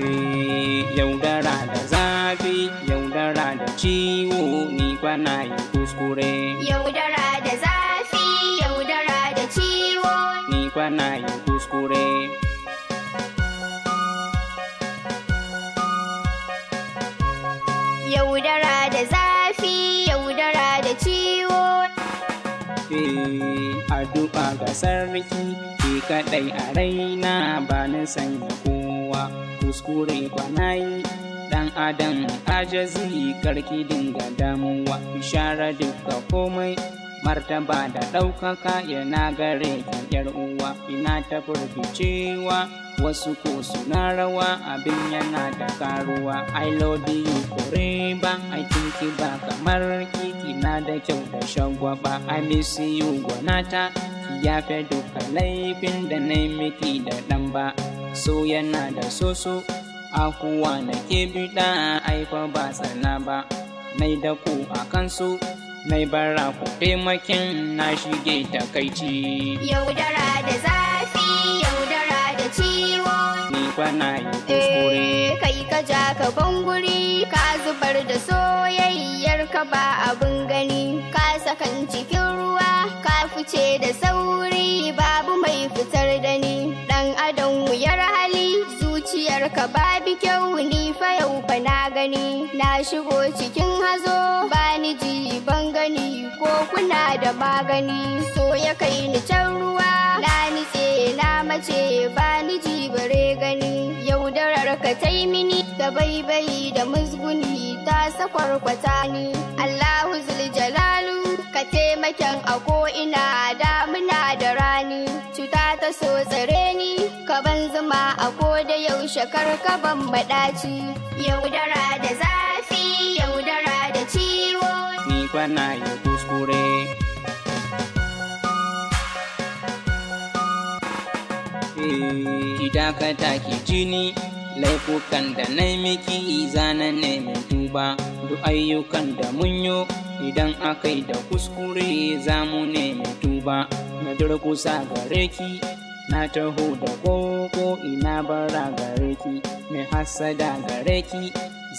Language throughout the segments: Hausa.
zafi yaudara da zafi yaudara da ciwo ni kwana yi kuskure yaudara da zafi yaudara da ciwo ni kwana yi kuskure yaudara da zafi yaudara da ciwo a duba ga sarki ke kadai a raina ba na sanya kowa kuskure yi ɗan adam ajazi karki dinga damuwa bishara duka komai martaba da ɗaukaka yana gare ka yar uwa ina ta furgicewa wasu ko suna rawa abin yana da karuwa i love you forever i think ba kamar kiki na da kyau da shagwaba i miss you gwanata ki fi duka laifin da na miki da ɗan ba so yana da soso akuwa na ke biɗa aifa ba tsana ba nai da ku a kansu mai bara ku taimakin na shige takaici yaudara da zafi yaudara da ciwo ni kwana yi kuskure eh, kai ka ja ka banguri ka zubar da soyayyar ka ba abin gani ka sakan cikin ruwa ka fice da sauri babi kyau ni fa yau fa na gani na shigo cikin hazo ba ni ji ban gani ko kuna da magani so ya kai ni can ruwa na nitse na mace ba ni ji bare gani yaudarar ka yi mini da baibai da musguni ta sakwarkwata ni Allahu zuljalalu ka taimaken a ko ina da shakar ka baɗaci, Yaudara da zafi, yaudara da ciwo. Ni kwana yi kuskure. Ki dakata ki jini, laifukan da na miki zanen ne mai duba. Duk ayyukan da mun yo, idan akai da kuskure za mu ne mai duba. Na durkusa ga reki. na taho da koko ina bara gare mai hasada gare ki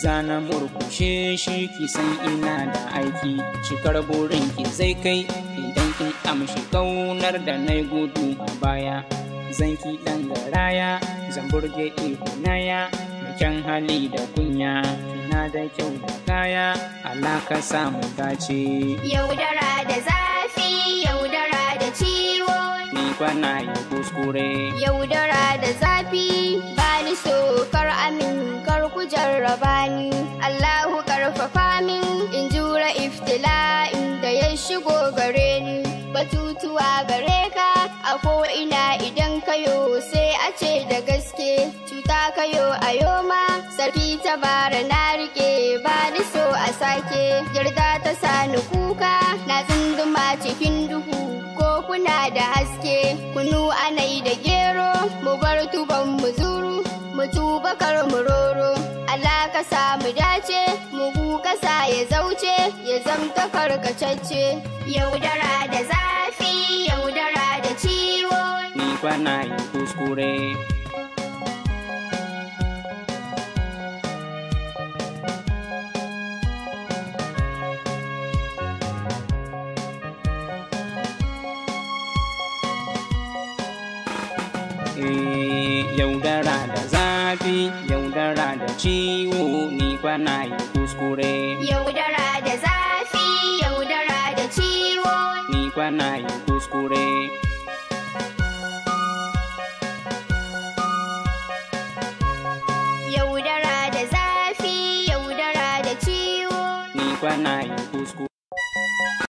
zana murkushe shi ki san ina da aiki shikar burin ki zai kai idan ki amshi kaunar da na yi gudu a baya zan ki dan garaya zan burge ikonaya da kyan hali da kunya kina da kyau da kaya alaka samu dace yaudara da zafi yaudara da ciwo ni kwana kure. Yaudara da zafi ba ni so kar amin kar ku jarraba ni. Allahu karfafa min in jura iftila'in da ya shigo gare ni. Batutuwa gare ka a ina idan kayo sai a ce da gaske. Cuta kayo a yoma sarki ta bara na rike ba ni so a sake. Yarda mu tuba kar mu roro Allah ka sa mu dace mu ku kasa ya zauce ya zamta karkacacce yaudara da zafi yaudara da ciwo ni bana yi kuskure eh, yaudara da za Yêu ra yaudara chi ciwo ni kwana ya kuskure yaudara da zafi yaudara da ciwo ni kwana ya kuskure yaudara da zafi yaudara da ciwo ni kwana ya kuskure